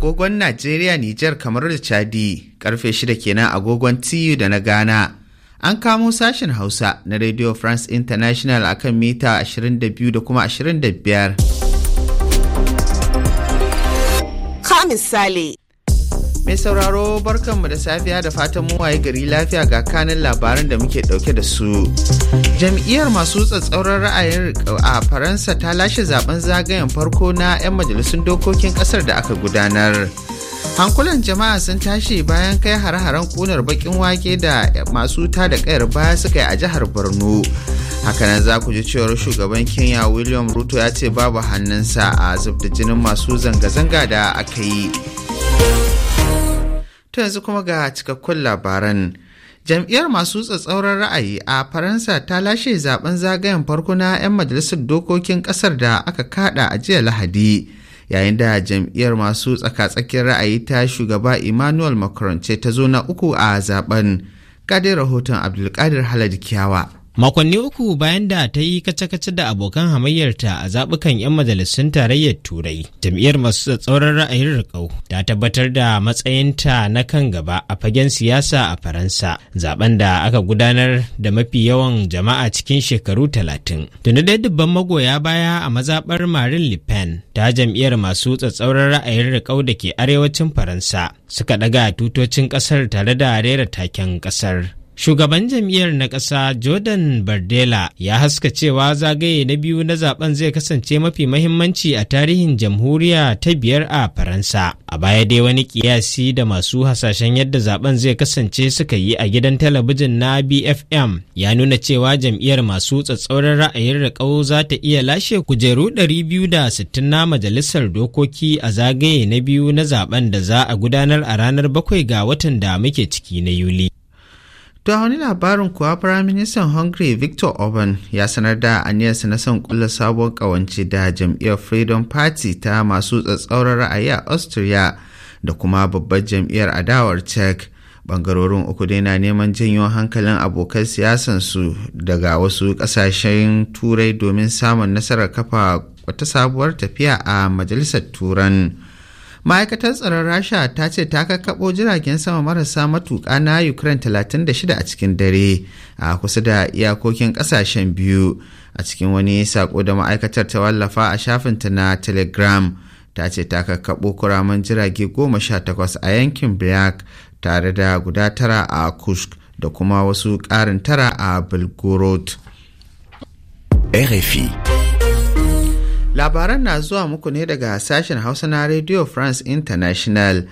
agogon Najeriya Nijar kamar da Chadi karfe shida kenan agogon TU da na Ghana. An kamo sashen Hausa na Radio France International akan mita 22 da kuma 25. Ka misali. Mai sauraro barkanmu da safiya da fatan mu waye gari lafiya ga kanin labaran da muke dauke da su. Jam'iyyar masu tsatsauran ra'ayin a Faransa ta lashe zaben zagayen farko na 'yan majalisun dokokin kasar da aka gudanar. Hankulan jama'a sun tashi bayan kai har haren kunar bakin wake da masu ta da kayar baya suka yi a jihar Borno. hakanan za ku ji cewar shugaban kenya william ruto ya ce babu hannunsa a zubda jinin masu zanga-zanga da aka yi To yanzu kuma ga cikakkun labaran. Jam'iyyar masu tsatsauran ra'ayi a Faransa ta lashe zaben zagayen farko na 'yan majalisar dokokin kasar da aka kada a jiya Lahadi. Yayin da jam'iyyar masu tsaka-tsakin ra'ayi ta shugaba Emmanuel Macron ce ta zo na uku a zaben. Kadai rahoton Abdulkadir Halad Kiyawa. makonni uku bayan da ta yi kace-kace da abokan hamayyarta a zabukan 'yan majalisun tarayyar turai jam'iyyar masu tsatsauran ra'ayin rikau ta tabbatar da matsayinta na kan gaba a fagen siyasa a faransa zaben da aka gudanar da mafi yawan jama'a cikin shekaru talatin tuni dai dubban magoya baya a mazaɓar marin le pen ta jam'iyyar masu tsatsauran ra'ayin rikau da ke arewacin faransa suka ɗaga tutocin ƙasar tare da rera taken ƙasar Shugaban jam'iyyar na ƙasa Jordan Bardella ya haska cewa zagaye na biyu na zaben zai kasance mafi mahimmanci a tarihin jamhuriya ta biyar a Faransa. A baya dai wani kiyasi da masu hasashen yadda zaben zai kasance suka yi a gidan talabijin na BFM ya nuna cewa jam'iyyar masu tsatsauran ra'ayin riƙau za ta iya lashe kujeru 260 na majalisar dokoki a zagaye na biyu na zaben da za a gudanar a ranar bakwai ga watan da muke ciki na Yuli. ta wani labarin kuwa firaministan hungary victor orban ya sanar da aniyarsa na son kulla sabon kawance da jam'iyyar freedom party ta masu tsatsauran ra'ayi a austria da kuma babbar jam'iyyar adawar czech bangarorin uku dai na neman janyo hankalin abokan siyasansu daga wasu kasashen turai domin samun nasarar kafa wata sabuwar tafiya a majalisar turan. ma'aikatar tsaron rasha ta ce ta kakkaɓo jiragen sama marasa matuƙa na ukraine 36 a cikin dare a kusa da iyakokin ƙasashen biyu a cikin wani sako da ma'aikatar ta wallafa a shafinta na telegram ta ce ta kakkaɓo kuraman jirage 18 a yankin black tare da guda tara a kusk da kuma wasu ƙarin tara a belgorod rfi Labaran na zuwa muku ne daga sashen Hausa na Radio France International.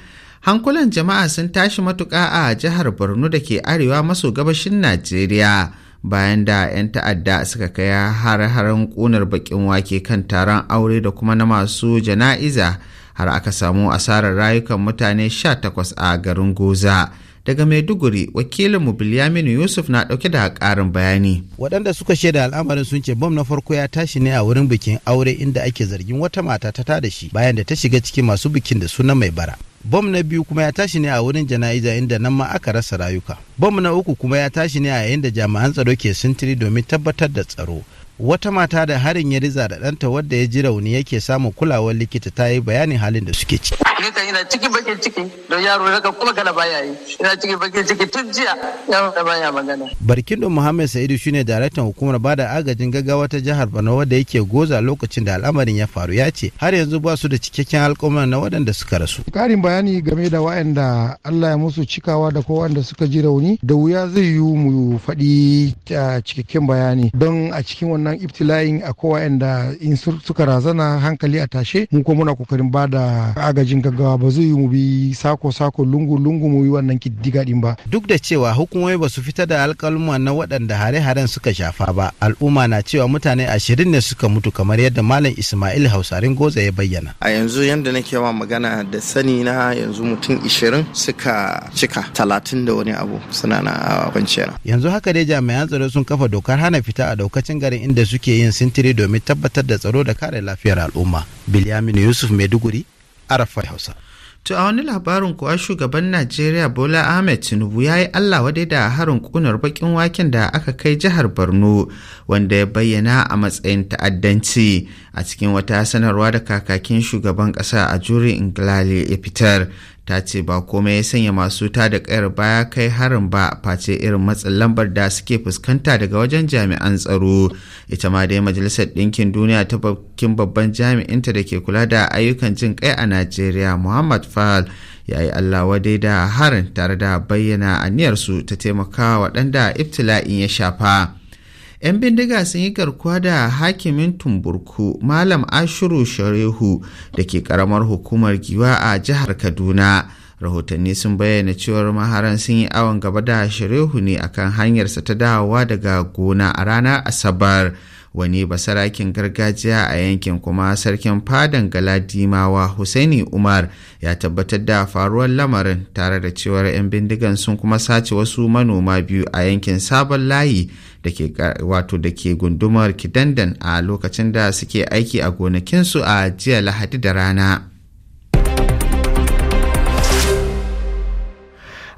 Hankulan jama'a sun tashi matuƙa a jihar Borno da ke arewa maso gabashin Najeriya. bayan da 'yan ta'adda suka kai har-haren ƙunar bakin wake kan taron aure da kuma na masu jana'iza har aka samu asarar rayukan mutane 18 a garin goza. daga maiduguri wakilinmu bilyaminu yusuf na dauke da karin bayani waɗanda suka shaida al'amarin sun ce bom na farko ya tashi ne a wurin bikin aure inda ake zargin wata mata ta tada shi bayan da ta shiga cikin masu bikin da sunan mai bara bom na biyu kuma ya tashi ne a wurin jana'iza inda nan ma aka rasa rayuka bom na uku kuma ya tashi ne a yayin da jami'an tsaro ke sintiri domin tabbatar da tsaro wata mata da harin ya riza da ɗanta wadda ya ji rauni yake samun kulawar likita ta yi bayanin halin da suke ciki ni kan ina cikin bakin ciki don yaro na ka kuma kana baya yi ina cikin bakin ciki tun jiya yaro na baya magana. barkin don muhammad sa'idu shine daraktan hukumar bada agajin gaggawa ta jihar borno wadda yake goza lokacin da al'amarin ya faru ya ce har yanzu ba su da cikakken alƙawar na waɗanda suka rasu. karin bayani game da waɗanda allah ya musu cikawa da ko wanda suka ji rauni da wuya zai yi mu faɗi cikakken bayani don a cikin wannan iftila'in a kowa in suka razana hankali a tashe mu ko muna kokarin bada agajin daga ba zai mu bi sako-sako lungu-lungu mu yi wannan kiddiga din ba. Duk da cewa hukumomi ba su fita da alkaluma na waɗanda hare-haren suka shafa ba, al'umma na cewa mutane ashirin ne suka mutu kamar yadda Malam Ismail Hausarin Goza ya bayyana. A yanzu yadda nake wa magana da sani na yanzu mutum ishirin suka cika talatin da wani abu suna na kwanciyar. Yanzu haka dai jami'an tsaro sun kafa dokar hana fita a daukacin garin inda suke yin sintiri domin tabbatar da tsaro da kare lafiyar al'umma. Bilyaminu Yusuf Maiduguri arafa hausa To a wani labarin kuwa shugaban Najeriya Bola Ahmed Tinubu ya yi Allah wadai da harin kunar bakin waken da aka kai jihar Borno wanda ya bayyana a matsayin ta'addanci a cikin wata sanarwa da kakakin shugaban ƙasa a juri Ingilali ya fitar ta ce ba komai ya sanya masu ta da kayar baya kai harin ba face irin matsin lambar da suke fuskanta daga wajen jami'an tsaro ita ma dai majalisar ɗinkin duniya ta bakin babban jami'inta da ke kula da ayyukan jin kai a najeriya muhammad fal ya yi allah wadai da harin tare da bayyana a aniyarsu ta taimaka waɗanda ibtila'in ya shafa 'yan bindiga sun yi garkuwa da hakimin tumburku malam ashiru sharehu da ke karamar hukumar giwa a jihar kaduna rahotanni sun bayyana cewar maharan sun yi awon gaba da sharehu ne akan hanyarsa ta dawowa daga gona a ranar asabar wani basarakin gargajiya a yankin kuma sarkin fadan galadimawa Husaini umar ya tabbatar da faruwar lamarin tare da cewar 'yan bindigan sun kuma sace wasu manoma biyu a yankin sabon layi da ke wato da ke gundumar kidandan a lokacin da suke aiki a gonakinsu a jiya lahadi da rana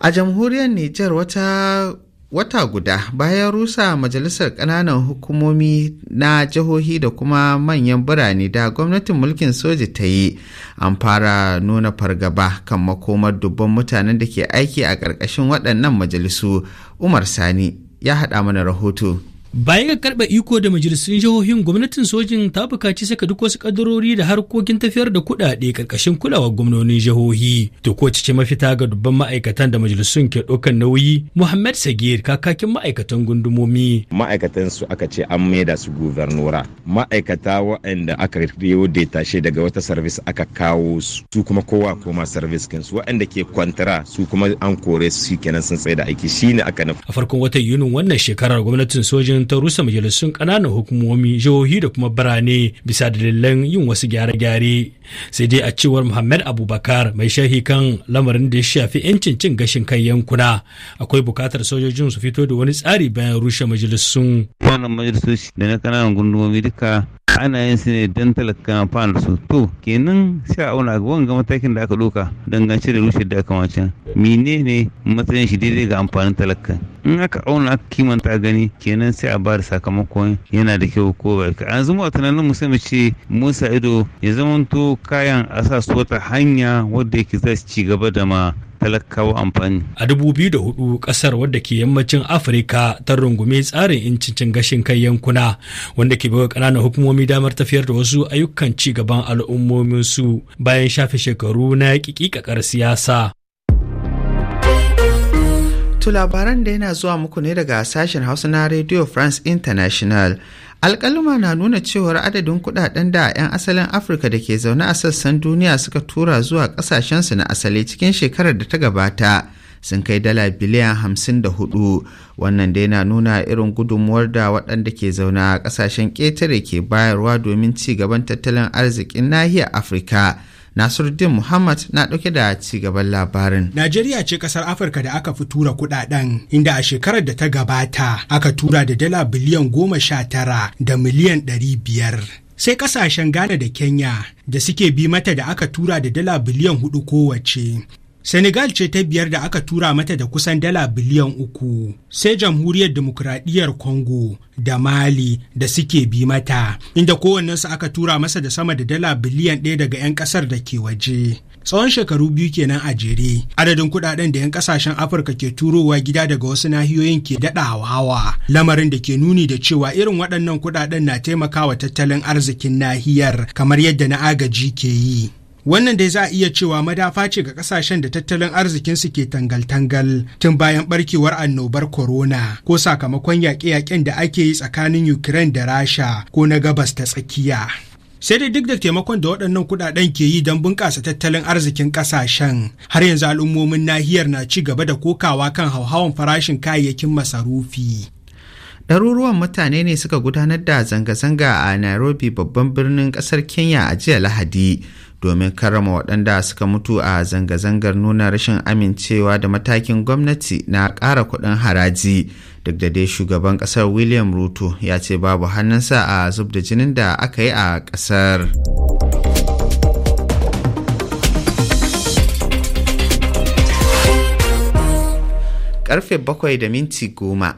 a jamhuriyar nijar wata wata guda bayan rusa majalisar ƙananan hukumomi na jihohi da kuma manyan birane da gwamnatin mulkin soja ta yi an fara nuna fargaba kan makomar dubban mutanen da ke aiki a ƙarƙashin waɗannan majalisu umar sani ya haɗa mana rahoto. bayan ka karɓe iko da majalisun jihohin gwamnatin sojin ta bukaci saka duk wasu kadarori da harkokin tafiyar da kuɗaɗe ƙarƙashin kulawar gwamnonin jihohi. To ko cikin mafita ga dubban ma'aikatan da majalisun ke ɗaukar nauyi Muhammad Sagir kakakin ma'aikatan gundumomi. Ma'aikatan su aka ce an maida su gubernura Ma'aikata waɗanda aka riyo da tashe daga wata sarvis aka kawo su. kuma kowa koma sarvis su waɗanda ke kwantara su kuma an kore su kenan sun tsaye da aiki shine aka nufa. A farkon watan Yunin wannan shekarar gwamnatin sojin ganin ta rusa majalisun ƙananan hukumomi jihohi da kuma birane bisa dalilan yin wasu gyare-gyare sai dai a cewar muhammad abubakar mai shahi kan lamarin da ya shafi 'yancin cin gashin kan yankuna akwai bukatar sojojin su fito da wani tsari bayan rushe majalisun wannan majalisoci da na ƙananan gundumomi duka ana yin su ne don talaka amfana su to kenan sai a auna ga matakin da aka ɗauka dangance da rushe da aka wancan mine ne matsayin shi daidai ga amfanin talaka in aka auna aka kimanta gani kenan sai a ba da sakamakon yana da kyau ko bai ka yanzu mu a tunanin mu sai ce musa ido ya zamanto kayan a sa wata hanya wadda yake za su ci gaba da ma talakawa amfani. A 2004 kasar wadda ke yammacin Afirka ta rungume tsarin incincin gashin kai yankuna wanda ke baiwa ƙananan hukumomi damar tafiyar da wasu ayyukan ci gaban al'ummomin su bayan shafe shekaru na kikikakar siyasa. To labaran da yana zuwa muku ne daga sashen Hausa na Radio France International. alkaluma na nuna cewar adadin kudaden da 'yan asalin afirka da ke zaune a sassan duniya suka tura zuwa ƙasashensu na asali cikin shekarar da ta gabata sun kai dala biliyan hamsin da hudu wannan dai na nuna irin gudunmuwar da waɗanda ke zaune a ƙasashen ƙetare ke bayarwa domin ci gaban tattalin arzikin nahiyar afirka Nasiruddin Muhammad na ɗauke da ci gaban labarin. Najeriya ce ƙasar Afirka da aka fi tura kuɗaɗen inda a shekarar da ta gabata aka tura da dala biliyan goma sha tara da miliyan ɗari biyar. Sai ƙasashen Ghana da Kenya da suke bi mata da aka tura da dala biliyan hudu kowace Senegal ce ta biyar da aka tura mata da kusan dala biliyan uku, sai jamhuriyar demokuraɗiyyar Congo da Mali da suke bi mata, inda su aka tura masa da sama da dala biliyan ɗaya daga 'yan ƙasar da ke waje. tsawon shekaru biyu kenan a jere adadin kuɗaɗen da 'yan ƙasashen afirka ke turowa gida daga wasu nahiyoyin ke daɗa hawa lamarin da ke nuni da cewa irin waɗannan kuɗaɗen na taimakawa tattalin arzikin nahiyar kamar yadda na agaji ke yi wannan dai za a iya cewa madafa ce ga kasashen da tattalin arzikinsu ke tangal-tangal tun bayan barkewar annobar corona ko sakamakon yaƙe-yaƙen da ake yi tsakanin ukraine da rasha ko na gabas ta tsakiya sai dai duk da taimakon da waɗannan kuɗaɗen ke yi don bunƙasa tattalin arzikin ƙasashen har yanzu al'ummomin nahiyar na ci gaba da kokawa kan hauhawan farashin kayayyakin masarufi ɗaruruwan mutane ne suka gudanar da zanga-zanga a nairobi babban birnin ƙasar kenya a jiya lahadi domin karrama waɗanda suka mutu a zanga-zangar nuna rashin amincewa da matakin gwamnati na ƙara kuɗin haraji duk da dai shugaban ƙasar william ruto ya ce babu hannunsa a zub da jinin da aka yi a ƙasar. karfe bakwai da minti goma.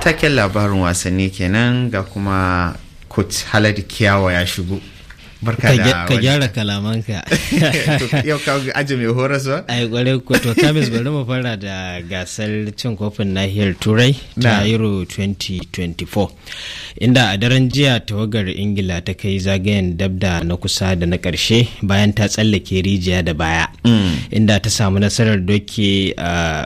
taken labarin wasanni kenan ga kuma coach haladu kiyawa ya shigo ka gyara kalamanka yau ka aji mai ba ai kwarai ko to kamis bari mu fara da gasar cin kofin nahiyar turai ta euro 2024 inda a daren jiya tawagar ingila ta kai zagayen dabda na kusa da na karshe bayan ta tsallake rijiya da baya mm. inda ta samu nasarar doke a ah,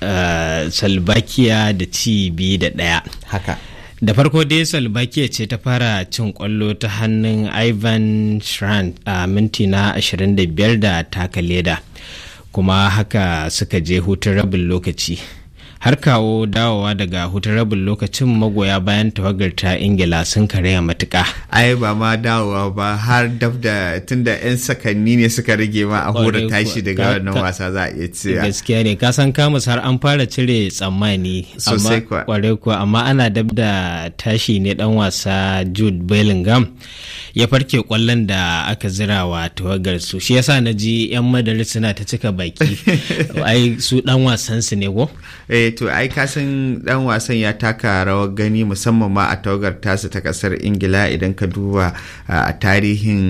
Eh, salbakiya da ci biyu da ɗaya haka da farko dai salbakiya ce ta fara cin kwallo ta hannun ivan shrant a minti na 25 da takaleda kuma haka suka je hutun rabin lokaci har kawo dawowa daga rabin lokacin magoya bayan tawagar ta ingila sun karaya matuka ai ba ma dawowa ba har daf da tunda yan sakanni ne suka rage ma a hura tashi daga wannan wasa za a iya cewa gaskiya ne ka san kamus har an fara cire tsammani amma kuwa amma ana dab da tashi ne dan wasa jude bellingham ya farke kwallon da aka zira wa tawagar su shi yasa na ji yan madari suna ta cika baki ai su dan wasan su ne ko eh, to ai ka san dan wasan ya taka rawar gani musamman ma a tawagar tasa ta kasar ingila idan ka duba a tarihin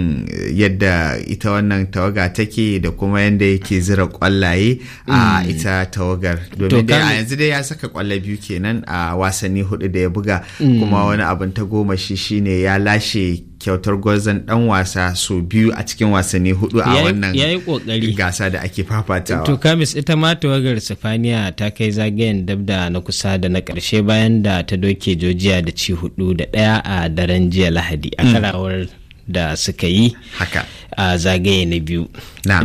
yadda ita wannan tawaga take da kuma yadda yake zira kwallaye a mm. ita tawagar domin dai a yanzu dai ya saka kwallaye biyu kenan a wasanni hudu da ya buga mm. kuma wani abin ta goma shi shine ya lashe kyautar gwarzon dan wasa so biyu a cikin wasanni hudu a wannan gasa da ake fafatawa. To Kamis ita ma tawagar Sifaniya ta kai zagayen dabda na kusa da na karshe bayan da ta doke Georgia da ci hudu da daya a daren jiya Lahadi a hmm. karawar da suka yi haka a zagaye na biyu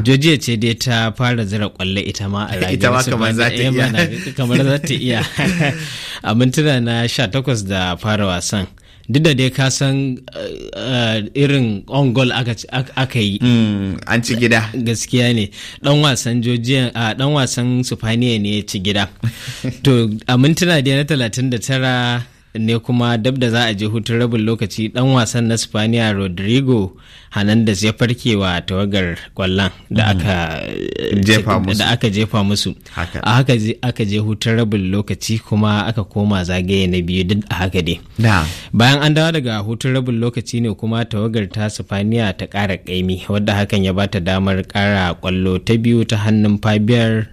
jojiya ce dai ta fara zira kwallo ita ma a rage ita ma kamar za ta iya kamar za ta iya a mintuna na 18 da fara wasan duk da dai ka san eh, eh, irin on goal aka yi hmm, an ci gida gaskiya ne dan wasan jojiyan a dan wasan sufaniya ne ya ci gida to a mintuna dai na 39 ne kuma dab da za a je hutun rabin lokaci dan wasan na spaniya rodrigo hernandez ya farkewa tawagar kwallon da hmm. aka jefa musu a haka aka je hutun rabin lokaci kuma aka koma zagaye na biyu duk a haka dai bayan an dawo daga hutun rabin lokaci ne kuma tawagar ta spaniya ta kara kaimi wadda hakan ya bata damar kara kwallo ta biyu ta hannun fabiyar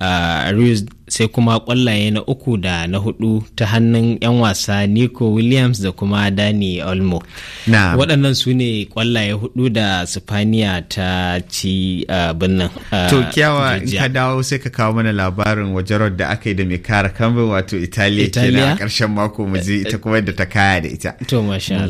Ah, Ruiz sai kuma kwallaye na uku da na hudu ta hannun 'yan wasa Nico Williams da kuma Dani Olmo. Waɗannan su ne kwallaye hudu da Sifaniya ta ci ah, binnan. Ah, to kyawa in ka dawo sai ka kawo mana labarin wajarar da aka yi da mai kara kambin wato Italiya kenan a ƙarshen mako mu ita eh, kuma da ta kaya da ita. To masha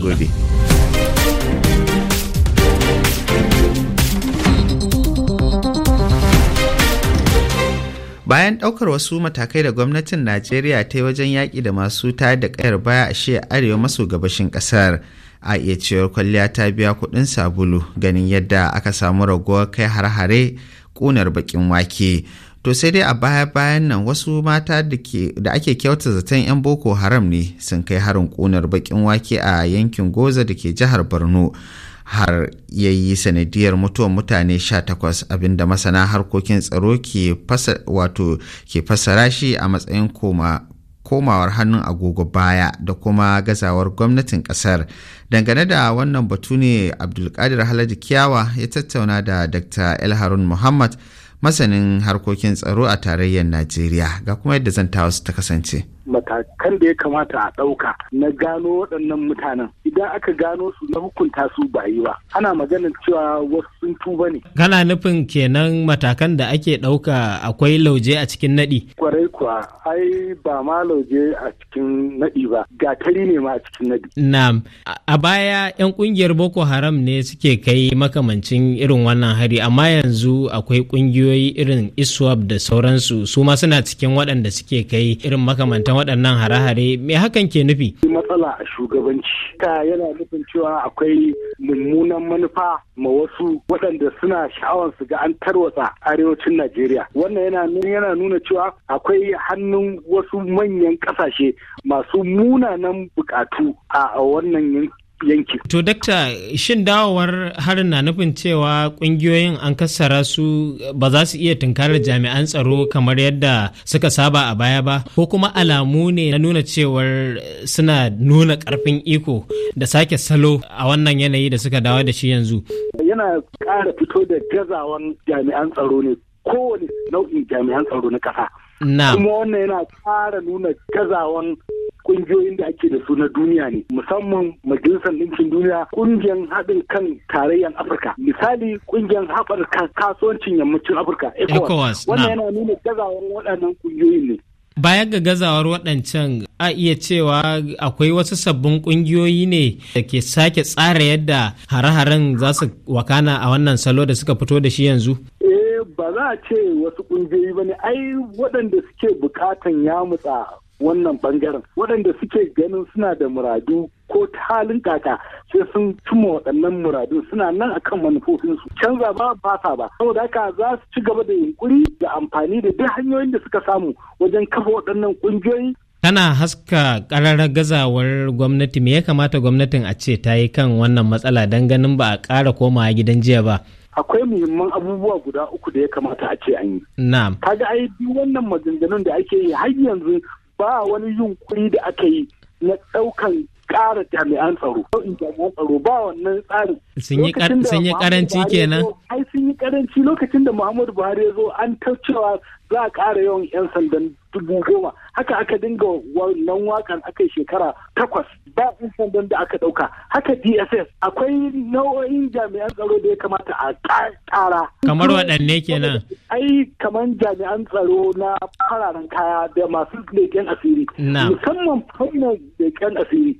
bayan ɗaukar wasu matakai da gwamnatin najeriya ta yi wajen yaƙi da masu tayar da ƙayar baya a shiya arewa maso gabashin ƙasar a iya cewar kwalliya ta biya kuɗin sabulu ganin yadda aka samu raguwar kai har-hare ƙunar baƙin wake to sai dai a baya-bayan nan wasu mata da ake kyauta zaton 'yan boko haram ne sun kai harin ƙunar baƙin wake a yankin goza da ke jihar borno har ya yi sanadiyar mutuwar mutane 18 abinda masana harkokin tsaro ke wato ke fassara shi a matsayin koma komawar hannun agogo baya da kuma gazawar gwamnatin kasar dangane da wannan batu ne abdulkadir haladu kiyawa ya tattauna da dr elharun muhammad masanin harkokin tsaro a tarayyar najeriya ga kuma yadda zan wasu ta kasance matakan da ya kamata a ɗauka na gano waɗannan mutanen idan aka gano su na hukunta su ba yi ba ana maganar cewa wasu sun tuba ne kana nufin kenan matakan da ake ɗauka akwai lauje a cikin naɗi kwarai kuwa ai ba ma lauje a cikin naɗi ba gatari ne ma a cikin naɗi na'am a baya yan ƙungiyar boko haram ne suke kai makamancin irin wannan hari amma yanzu akwai ƙungiyoyi irin ISWAB da sauransu su ma suna cikin waɗanda suke kai irin makamantan waɗannan hare-hare me hakan ke nufi matsala a shugabanci ta yana nufin cewa akwai mummunan manufa ma wasu waɗanda suna sha'awar su ga an tarwatsa arewacin najeriya wannan yana yana nuna cewa akwai hannun wasu manyan ƙasashe masu munanan buƙatu a wannan yankin. To dakta shin dawowar harin na nufin cewa kungiyoyin an kassara su ba za su iya tunkarar jami'an tsaro kamar yadda suka saba a baya ba ko kuma alamu ne na nuna cewar suna nuna karfin iko da sake salo a wannan yanayi da suka dawo da shi yanzu. Yana ƙara fito da gazawan jami'an tsaro ne kowane nau'in jami'an tsaro na ƙasa. Kuma wannan yana ƙara nuna gazawan kungiyoyin da ake da su na duniya ne musamman majalisar ɗinkin duniya kungiyar haɗin kan tarayyar afirka misali kungiyar haɓar kasuwancin yammacin afirka ecowas wannan yana nuna gazawar waɗannan kungiyoyin ne Bayan ga gazawar waɗancan a iya cewa akwai wasu sabbin ƙungiyoyi ne da ke sake tsara yadda hare-haren za su wakana a wannan salo da suka fito da shi yanzu? Eh ba za a ce wasu ƙungiyoyi ba ne, ai waɗanda suke bukatan ya mutsa. wannan bangaren waɗanda suke ganin suna da muradu ko ta halin kaka sai sun cimma waɗannan muradu suna nan akan manufofinsu canza ba ba sa ba saboda haka za su ci gaba da yunkuri da amfani da duk hanyoyin da suka samu wajen kafa waɗannan ƙungiyoyi Tana haska karara gazawar gwamnati me ya kamata gwamnatin a ce ta yi kan wannan matsala don ganin ba a ƙara komawa gidan jiya ba. akwai muhimman abubuwa guda uku da ya kamata a ce an yi. Na'am. Kaga ai duk wannan maganganun da ake yi har yanzu ba wani yunkuri da aka yi na ɗaukan ƙara jami'an tsaro. tsaro ba wannan tsarin. Sun yi ƙaranci kenan. Ai karanci lokacin da muhammadu buhari ya zo an ta cewa za a ƙara yawan 'yan sandan dubu goma haka aka dinga wannan wakan aka yi shekara takwas ba 'yan sandan da aka ɗauka haka dss akwai nau'o'in jami'an tsaro da ya kamata a ƙara kamar waɗanne kenan ai kamar jami'an tsaro na fararen kaya da masu leƙen asiri musamman fannin leƙen asiri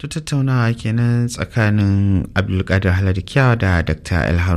ta tattaunawa kenan tsakanin abdulkadir halar da dr elhar